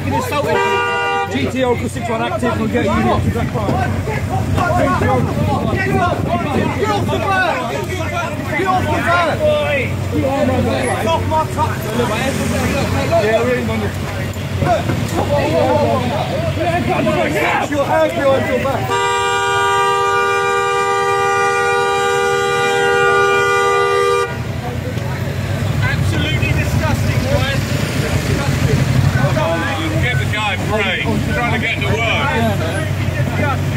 fucking assaulted 61 active, we'll get you off. Get off! Get off the Get off the van! Off my truck! Yeah, we're in on Look! Put your hands behind your back! Mate, trying to get the work.